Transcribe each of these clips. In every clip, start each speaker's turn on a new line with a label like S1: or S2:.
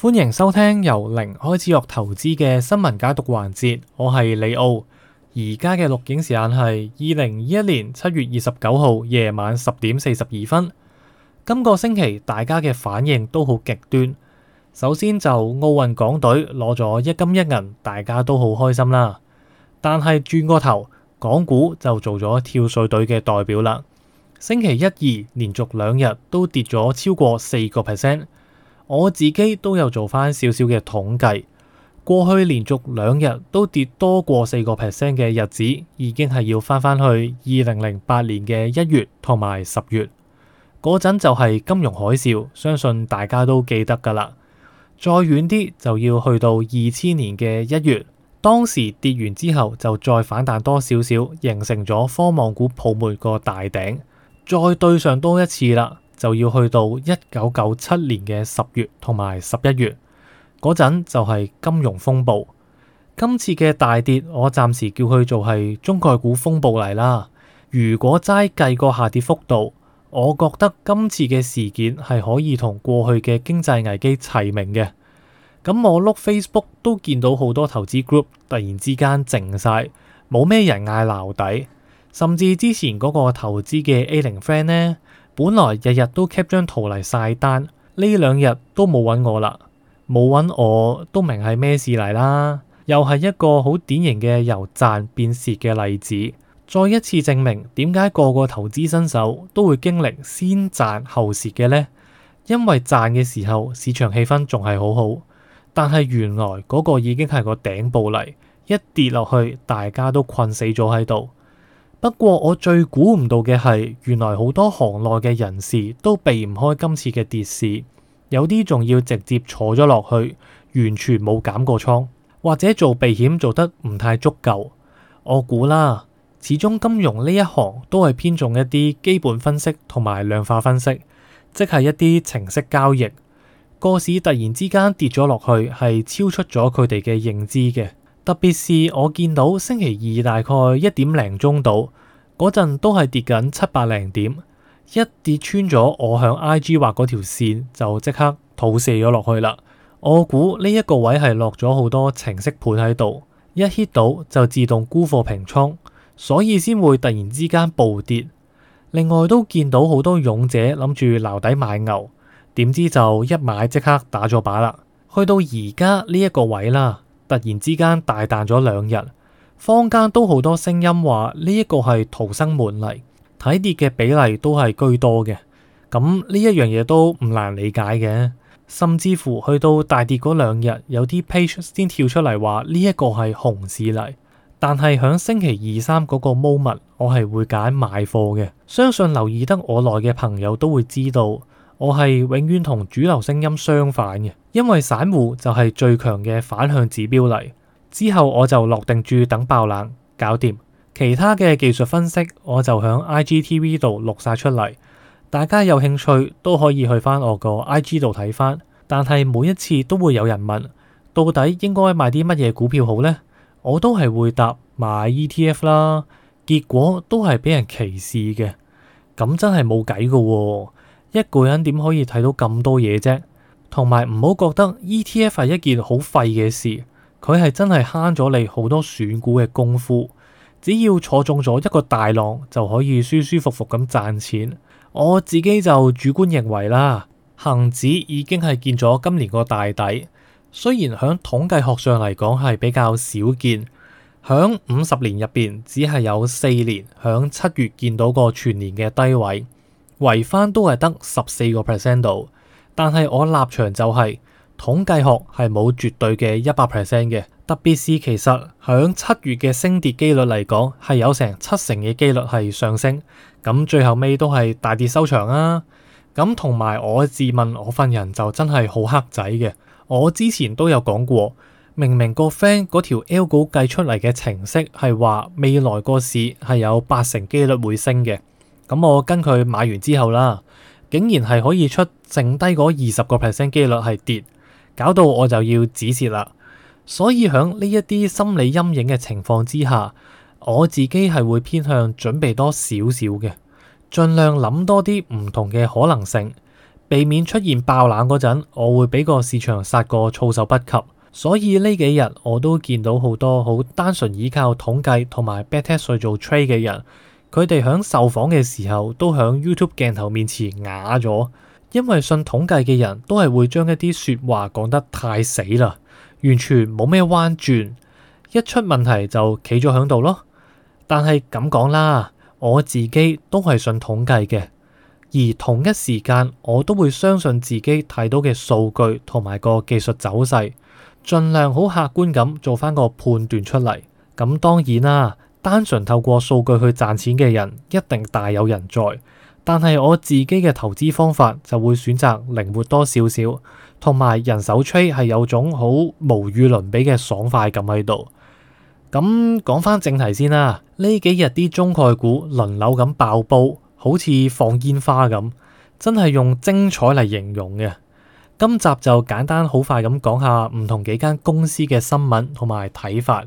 S1: 歡迎收聽由零開始學投資嘅新聞解讀環節，我係李奧。而家嘅錄影時間係二零二一年七月二十九號夜晚十點四十二分。今個星期大家嘅反應都好極端。首先就奧運港隊攞咗一金一銀，大家都好開心啦。但係轉個頭，港股就做咗跳水隊嘅代表啦。星期一二連續兩日都跌咗超過四個 percent。我自己都有做翻少少嘅統計，過去連續兩日都跌多過四個 percent 嘅日子，已經係要翻返去二零零八年嘅一月同埋十月嗰陣，就係金融海嘯，相信大家都記得㗎啦。再遠啲就要去到二千年嘅一月，當時跌完之後就再反彈多少少，形成咗科網股泡沫個大頂，再對上多一次啦。就要去到一九九七年嘅十月同埋十一月嗰陣，就係金融風暴。今次嘅大跌，我暫時叫佢做係中概股風暴嚟啦。如果齋計個下跌幅度，我覺得今次嘅事件係可以同過去嘅經濟危機齊名嘅。咁、嗯、我碌 Facebook 都見到好多投資 group 突然之間靜晒，冇咩人嗌撈底，甚至之前嗰個投資嘅 A 零 friend 呢？本來日日都 keep 張圖嚟晒單，呢兩日都冇揾我啦，冇揾我都明係咩事嚟啦，又係一個好典型嘅由賺變蝕嘅例子，再一次證明點解個個投資新手都會經歷先賺後蝕嘅呢？因為賺嘅時候市場氣氛仲係好好，但係原來嗰個已經係個頂部嚟，一跌落去大家都困死咗喺度。不過我最估唔到嘅係，原來好多行內嘅人士都避唔開今次嘅跌市，有啲仲要直接坐咗落去，完全冇減過倉，或者做避險做得唔太足夠。我估啦，始終金融呢一行都係偏重一啲基本分析同埋量化分析，即係一啲程式交易。個市突然之間跌咗落去，係超出咗佢哋嘅認知嘅。特別是我見到星期二大概一點零鐘到嗰陣，都係跌緊七百零點，一跌穿咗我向 IG 畫嗰條線，就即刻吐射咗落去啦。我估呢一個位係落咗好多程式盤喺度，一 hit 到就自動沽貨平倉，所以先會突然之間暴跌。另外都見到好多勇者諗住撈底買牛，點知就一買即刻打咗靶啦，去到而家呢一個位啦。突然之間大彈咗兩日，坊間都好多聲音話呢一個係逃生門嚟，睇跌嘅比例都係居多嘅。咁呢一樣嘢都唔難理解嘅，甚至乎去到大跌嗰兩日，有啲 pages 先跳出嚟話呢一個係熊市嚟。但係響星期二三嗰個 moment，我係會揀買貨嘅，相信留意得我耐嘅朋友都會知道。我係永遠同主流聲音相反嘅，因為散戶就係最強嘅反向指標嚟。之後我就落定注等爆冷搞掂，其他嘅技術分析我就響 IGTV 度錄晒出嚟，大家有興趣都可以去翻我個 IG 度睇翻。但係每一次都會有人問，到底應該買啲乜嘢股票好呢？我都係會答買 ETF 啦，結果都係俾人歧視嘅，咁真係冇計噶喎。一個人點可以睇到咁多嘢啫？同埋唔好覺得 ETF 係一件好廢嘅事，佢係真係慳咗你好多選股嘅功夫。只要坐中咗一個大浪，就可以舒舒服服咁賺錢。我自己就主觀認為啦，恒指已經係見咗今年個大底。雖然響統計學上嚟講係比較少見，響五十年入邊只係有四年，響七月見到個全年嘅低位。圍翻都係得十四個 percent 度，但係我立場就係、是、統計學係冇絕對嘅一百 percent 嘅，特別是其實響七月嘅升跌機率嚟講，係有成七成嘅機率係上升，咁最後尾都係大跌收場啊！咁同埋我自問，我份人就真係好黑仔嘅，我之前都有講過，明明個 friend 嗰條 algo 計出嚟嘅程式係話未來個市係有八成機率會升嘅。咁我跟佢買完之後啦，竟然係可以出剩低嗰二十個 percent 機率係跌，搞到我就要止蝕啦。所以喺呢一啲心理陰影嘅情況之下，我自己係會偏向準備多少少嘅，盡量諗多啲唔同嘅可能性，避免出現爆冷嗰陣，我會俾個市場殺個措手不及。所以呢幾日我都見到好多好單純依靠統計同埋 backtest 去做 trade 嘅人。佢哋喺受訪嘅時候，都喺 YouTube 鏡頭面前啞咗，因為信統計嘅人都係會將一啲說話講得太死啦，完全冇咩彎轉，一出問題就企咗喺度咯。但係咁講啦，我自己都係信統計嘅，而同一時間我都會相信自己睇到嘅數據同埋個技術走勢，盡量好客觀咁做翻個判斷出嚟。咁當然啦。單純透過數據去賺錢嘅人一定大有人在，但係我自己嘅投資方法就會選擇靈活多少少，同埋人手吹 r 係有種好無與倫比嘅爽快感喺度。咁、嗯、講翻正題先啦，呢幾日啲中概股輪流咁爆煲，好似放煙花咁，真係用精彩嚟形容嘅。今集就簡單好快咁講下唔同幾間公司嘅新聞同埋睇法。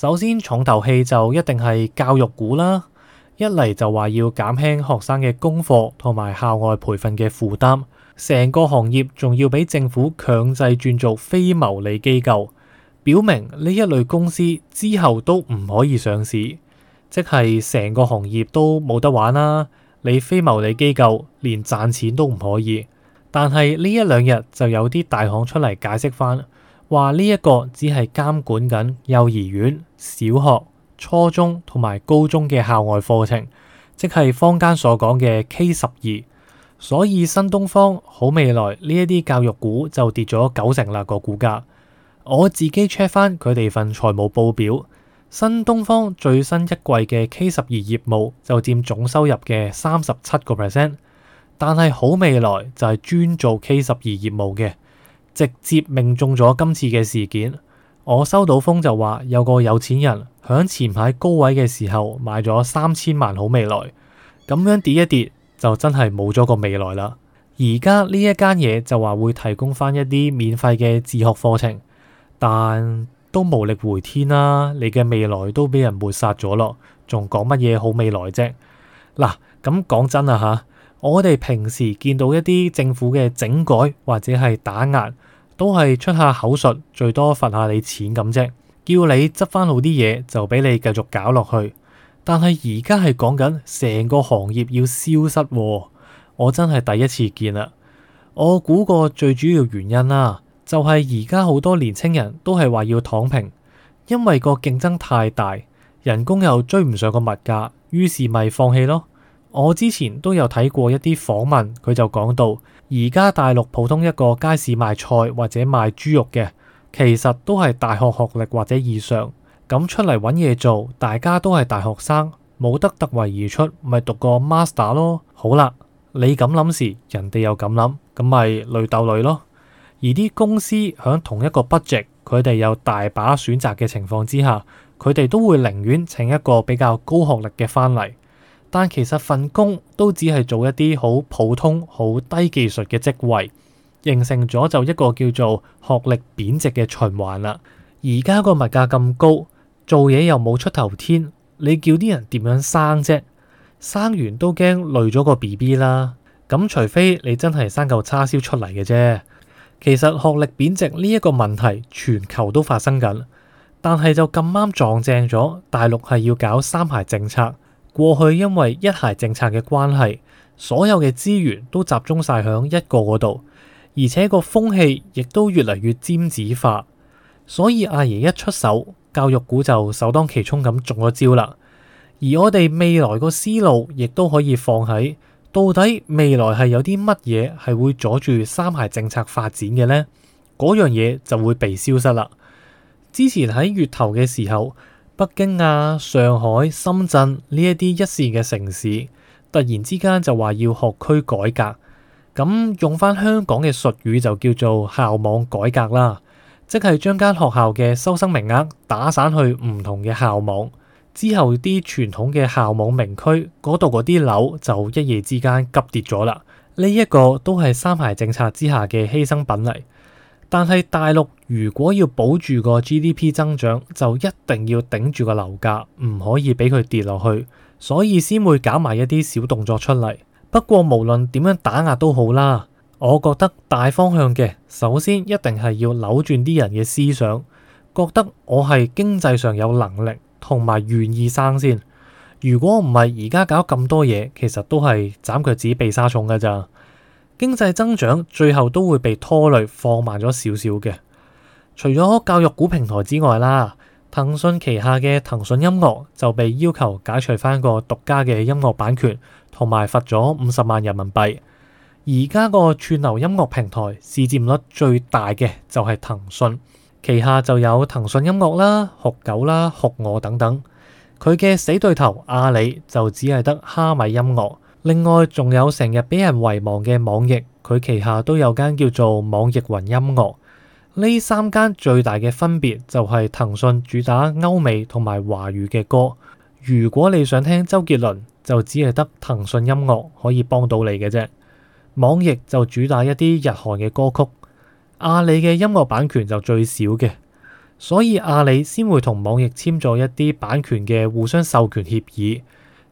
S1: 首先重頭戲就一定係教育股啦，一嚟就話要減輕學生嘅功課同埋校外培訓嘅負擔，成個行業仲要俾政府強制轉做非牟利機構，表明呢一類公司之後都唔可以上市，即係成個行業都冇得玩啦、啊。你非牟利機構連賺錢都唔可以，但係呢一兩日就有啲大行出嚟解釋返。話呢一個只係監管緊幼兒園、小學、初中同埋高中嘅校外課程，即係坊間所講嘅 K 十二。所以新東方、好未來呢一啲教育股就跌咗九成啦個股價。我自己 check 翻佢哋份財務報表，新東方最新一季嘅 K 十二業務就占總收入嘅三十七個 percent，但係好未來就係專做 K 十二業務嘅。直接命中咗今次嘅事件，我收到風就話有個有錢人響前排高位嘅時候買咗三千萬好未來，咁樣跌一跌就真係冇咗個未來啦。而家呢一間嘢就話會提供翻一啲免費嘅自學課程，但都無力回天啦，啊。你嘅未來都俾人抹殺咗咯，仲講乜嘢好未來啫？嗱，咁講真啦吓。我哋平時見到一啲政府嘅整改或者係打壓，都係出下口術，最多罰下你錢咁啫，叫你執翻好啲嘢就俾你繼續搞落去。但係而家係講緊成個行業要消失喎，我真係第一次見啦。我估個最主要原因啦，就係而家好多年青人都係話要躺平，因為個競爭太大，人工又追唔上個物價，於是咪放棄咯。我之前都有睇過一啲訪問，佢就講到而家大陸普通一個街市賣菜或者賣豬肉嘅，其實都係大學學歷或者以上咁出嚟揾嘢做，大家都係大學生，冇得突圍而出，咪讀個 master 咯。好啦，你咁諗時，人哋又咁諗，咁咪累鬥累咯。而啲公司喺同一個 budget，佢哋有大把選擇嘅情況之下，佢哋都會寧願請一個比較高學歷嘅返嚟。但其實份工都只係做一啲好普通、好低技術嘅職位，形成咗就一個叫做學歷貶值嘅循環啦。而家個物價咁高，做嘢又冇出頭天，你叫啲人點樣生啫？生完都驚累咗個 BB 啦。咁除非你真係生嚿叉燒出嚟嘅啫。其實學歷貶值呢一個問題全球都發生緊，但係就咁啱撞正咗大陸係要搞三孩政策。過去因為一孩政策嘅關係，所有嘅資源都集中晒響一個嗰度，而且個風氣亦都越嚟越尖子化，所以阿爺一出手，教育股就首當其衝咁中咗招啦。而我哋未來個思路，亦都可以放喺到底未來係有啲乜嘢係會阻住三孩政策發展嘅呢？嗰樣嘢就會被消失啦。之前喺月頭嘅時候。北京啊、上海、深圳呢一啲一線嘅城市，突然之間就話要學區改革，咁、嗯、用翻香港嘅術語就叫做校網改革啦，即係將間學校嘅收生名額打散去唔同嘅校網，之後啲傳統嘅校網名區嗰度嗰啲樓就一夜之間急跌咗啦，呢、這、一個都係三孩政策之下嘅犧牲品嚟。但係大陸如果要保住個 GDP 增長，就一定要頂住個樓價，唔可以俾佢跌落去，所以先會搞埋一啲小動作出嚟。不過無論點樣打壓都好啦，我覺得大方向嘅，首先一定係要扭轉啲人嘅思想，覺得我係經濟上有能力同埋願意生先。如果唔係，而家搞咁多嘢，其實都係斬腳趾避沙蟲噶咋。經濟增長最後都會被拖累放慢咗少少嘅。除咗教育股平台之外啦，騰訊旗下嘅騰訊音樂就被要求解除返個獨家嘅音樂版權，同埋罰咗五十萬人民幣。而家個串流音樂平台市佔率最大嘅就係騰訊，旗下就有騰訊音樂啦、酷狗啦、酷我等等。佢嘅死對頭阿里就只係得蝦米音樂。另外，仲有成日俾人遺忘嘅網易，佢旗下都有間叫做網易雲音樂。呢三間最大嘅分別就係騰訊主打歐美同埋華語嘅歌，如果你想聽周杰倫，就只係得騰訊音樂可以幫到你嘅啫。網易就主打一啲日韓嘅歌曲，阿里嘅音樂版權就最少嘅，所以阿里先會同網易簽咗一啲版權嘅互相授權協議。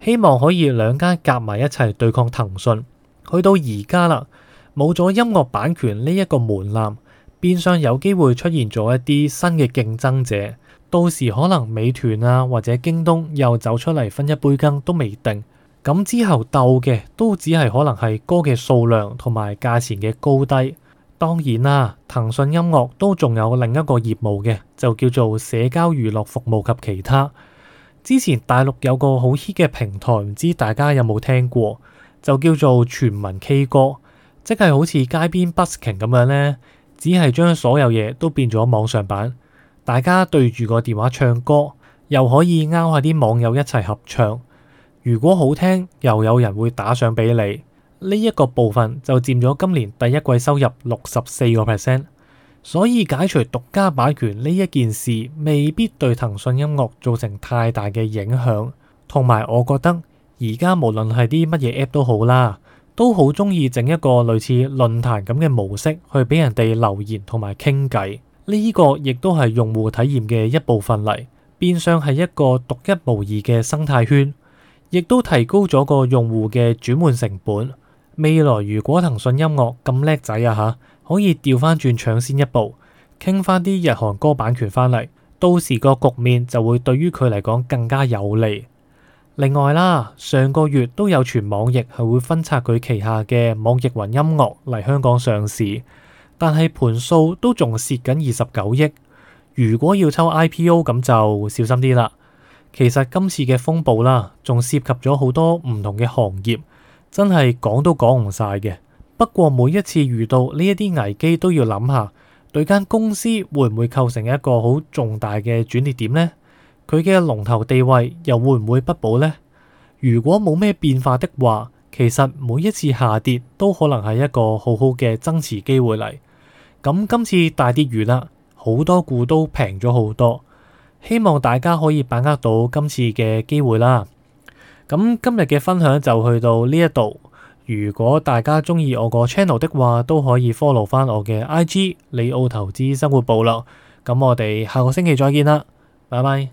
S1: 希望可以兩家夾埋一齊對抗騰訊。去到而家啦，冇咗音樂版權呢一個門檻，變相有機會出現咗一啲新嘅競爭者。到時可能美團啊，或者京東又走出嚟分一杯羹都未定。咁之後鬥嘅都只係可能係歌嘅數量同埋價錢嘅高低。當然啦、啊，騰訊音樂都仲有另一個業務嘅，就叫做社交娛樂服務及其他。之前大陸有個好 hit 嘅平台，唔知大家有冇聽過？就叫做全民 K 歌，即係好似街邊 busking 咁樣呢，只係將所有嘢都變咗網上版。大家對住個電話唱歌，又可以勾下啲網友一齊合唱。如果好聽，又有人會打賞俾你。呢一個部分就佔咗今年第一季收入六十四個 percent。所以解除獨家版權呢一件事，未必對騰訊音樂造成太大嘅影響。同埋，我覺得而家無論係啲乜嘢 app 都好啦，都好中意整一個類似論壇咁嘅模式，去俾人哋留言同埋傾偈。呢個亦都係用戶體驗嘅一部分嚟，變相係一個獨一無二嘅生態圈，亦都提高咗個用戶嘅轉換成本。未來如果騰訊音樂咁叻仔啊嚇！可以調翻轉搶先一步，傾翻啲日韓歌版權翻嚟，到時個局面就會對於佢嚟講更加有利。另外啦，上個月都有傳網易係會分拆佢旗下嘅網易雲音樂嚟香港上市，但係盤數都仲蝕緊二十九億。如果要抽 IPO 咁就小心啲啦。其實今次嘅風暴啦，仲涉及咗好多唔同嘅行業，真係講都講唔晒嘅。不過每一次遇到呢一啲危機，都要諗下，對間公司會唔會構成一個好重大嘅轉捩點呢？佢嘅龍頭地位又會唔會不保呢？如果冇咩變化的話，其實每一次下跌都可能係一個好好嘅增持機會嚟。咁、嗯、今次大跌完啦，好多股都平咗好多，希望大家可以把握到今次嘅機會啦。咁、嗯、今日嘅分享就去到呢一度。如果大家鍾意我個 channel 的話，都可以 follow 翻我嘅 IG 李奧投資生活報啦。咁我哋下個星期再見啦，拜拜。